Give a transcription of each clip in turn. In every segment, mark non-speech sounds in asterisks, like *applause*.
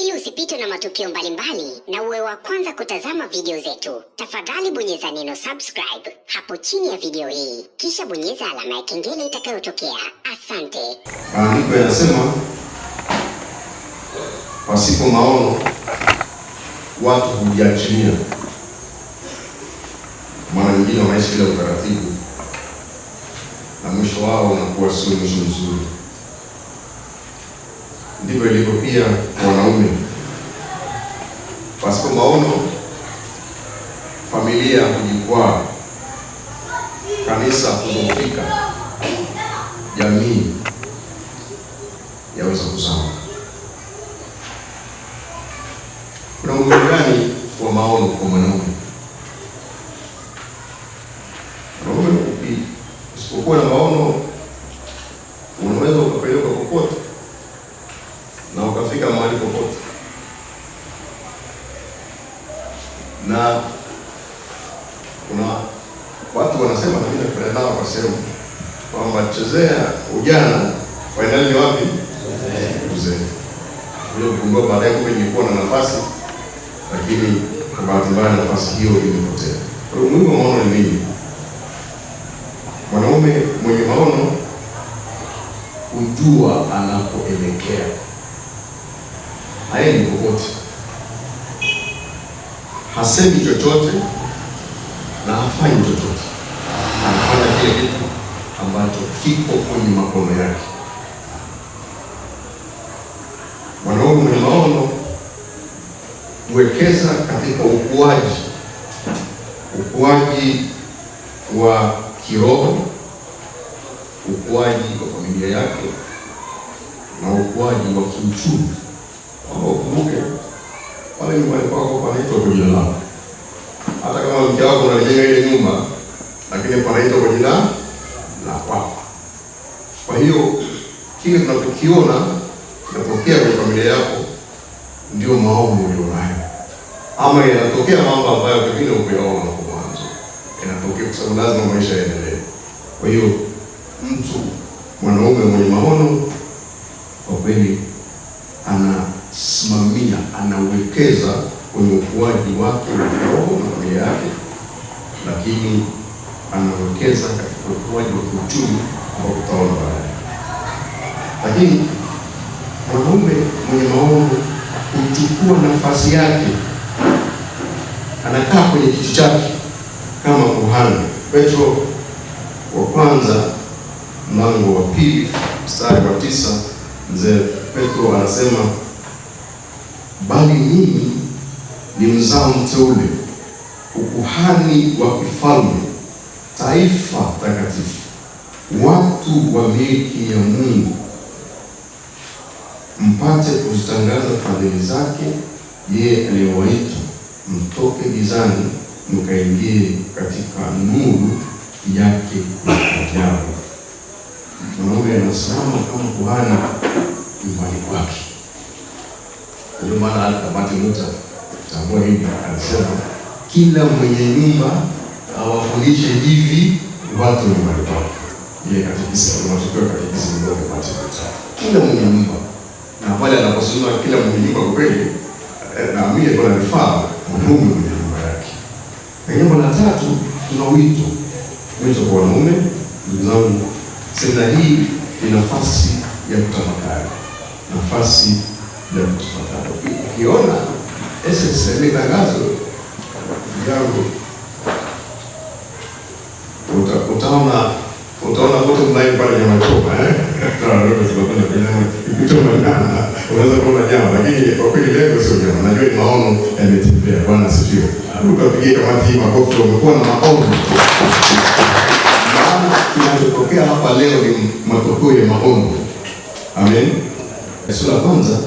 Ili usipitwe na matukio mbalimbali na uwe wa kwanza kutazama video zetu, tafadhali bonyeza neno subscribe hapo chini ya video hii, kisha bonyeza alama ya kengele itakayotokea. Asante. Maandiko yanasema pasipo maono watu hujiachilia, mara nyingine wanaishi bila utaratibu na mwisho wao unakuwa sio mzuri ndivyo ilivyo pia wanaume. Pasipo maono, familia hujikwaa, kanisa hudhoofika, jamii yaweza kuzama. Kuna umuhimu gani wa maono kwa mwanaume? Mwanaume usipokuwa na maono kuna watu wanasema naminakutana kwa sehemu kwamba chezea ujana fainali ni wapi? Uzee. Kugundua baadaye kumbe nilikuwa na nafasi, lakini kwa bahati mbaya nafasi hiyo ilipotea. Kwa hiyo umuhimu wa maono ni nini? Mwanaume mwenye maono hujua anapoelekea, haendi popote, hasemi chochote hafanyi chochote, anafanya kile kitu ambacho kiko kwenye maono yake. Mwanaume mwenye maono huwekeza katika ukuaji, ukuaji wa kiroho, ukuaji wa familia yake na ukuaji wa kiuchumi, ambao kumbuke pale nyumbani kwako panaitwa kujilala hata kama mke wako unajenga ile nyumba, lakini panaitwa kwa jina la kwako. Kwa hiyo kile tunachokiona kinatokea kwenye familia yako ndio maono ulionayo, ama yanatokea mambo ambayo pengine ukuyaona kwa mwanzo, yanatokea kwa sababu lazima maisha yaendelee. Kwa hiyo mtu mwanaume mwenye maono kwa kweli anasimamia, anawekeza lakini anawekeza katika ukuaji wa kiuchumi ambao utaona baadaye. Lakini mwanaume mwenye maono huchukua nafasi yake, anakaa kwenye kiti chake kama kuhani. Petro wa kwanza mlango wa pili mstari wa tisa mzee Petro anasema, bali nini ni mzao mteule ukuhani wa kifalme, taifa takatifu, watu wa miliki ya Mungu, mpate kuzitangaza fadhili zake yeye aliyowaita mtoke gizani mkaingie katika nuru yake ajabu. Mwanaume anasimama kama kuhani nyumbani kwake. Ndio maana alikamati Muta tambua hivi, alisema kila mwenye nyumba awafundishe hivi watu ni walipapa. Ile katekisa unatoka katekisa ndio unapata kila mwenye nyumba na pale anaposoma kila mwenye nyumba kwa kweli eh, na mimi ndio nalifaa mwanaume mwenye nyumba yake. Na jambo la tatu tuna wito. Wito kwa wanaume, ndugu zangu, semina hii ni nafasi ya kutafakari. Nafasi ya kutafakari. Ukiona SSM ile tangazo yangu uta, utaona utaona foto mlai pale nyama choma eh? *laughs* ah, eh? unaweza kuona nyama, lakini kwa kweli lengo sio nyama. Najua ni maono yametembea. Bwana asifiwe. Ukapigia kamati hii makofi, umekuwa na maono maana kinachotokea hapa leo ni matokeo ya maono. Amen. Swali kwanza,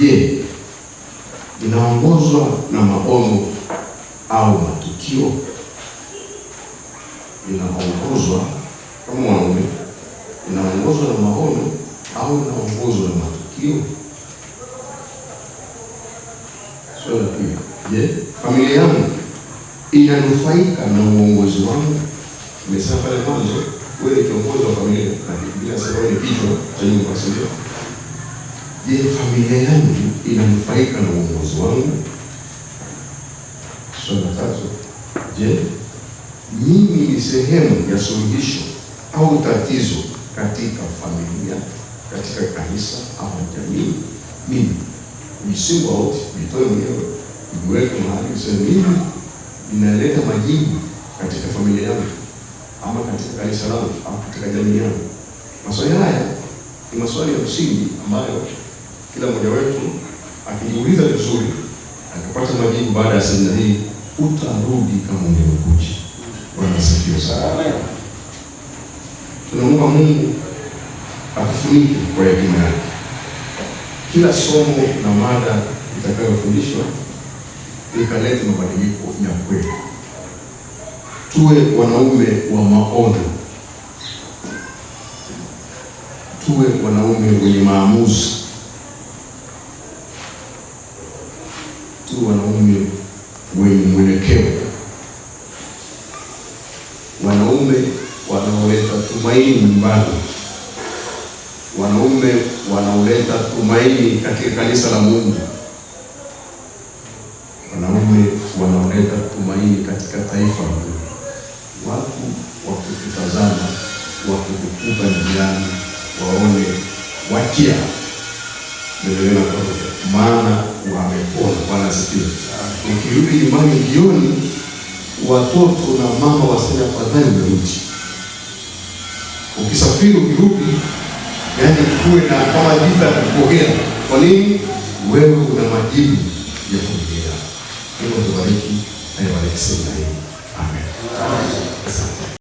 je, inaongozwa na maono au matukio inaongozwa kama mwanaume, inaongozwa na maono au inaongozwa na matukio? Swali la pili, je, familia yangu inanufaika na uongozi wangu? mesa pale mwanzo, wewe kiongozi wa familia na bila sababu ni kichwa cha nyumba, sio? Je, familia yangu inanufaika na uongozi wangu? Swali tatu, je, mimi ni sehemu ya suluhisho au tatizo katika familia, katika kanisa au jamii? Mimi msingo auti nitoe mwenyewe, niweke mahali niseme mimi ninaleta majibu katika familia yangu ama katika kanisa langu au katika jamii yangu. Maswali haya ni maswali ya msingi ambayo kila mmoja wetu akijiuliza vizuri akapata majibu baada ya semina hii utarudi kama umekuja. Bwana asifiwe sana. Tunamwomba Mungu akufunike kwa hekima yake. Kila somo na mada itakayofundishwa ikalete mabadiliko ya kweli. Tuwe wanaume wa maono, tuwe wanaume wenye maamuzi, tuwe wanaume wenye mbali. Wanaume wanaoleta tumaini katika kanisa la Mungu, wanaume wanaoleta tumaini katika taifa la Mungu, watu wakututazama, wakutukuta njiani, waone wakia meelewena kwa maana wamepona, wanasikia. Ukirudi nyumbani jioni, watoto na mama wasema, afadhali ukisafiri ukirudi, yani kuwe na kama visa ya kupokea. Kwa nini? Wewe una majibu ya kuongea. Mungu akubariki na ibariki semina Amen. Asante.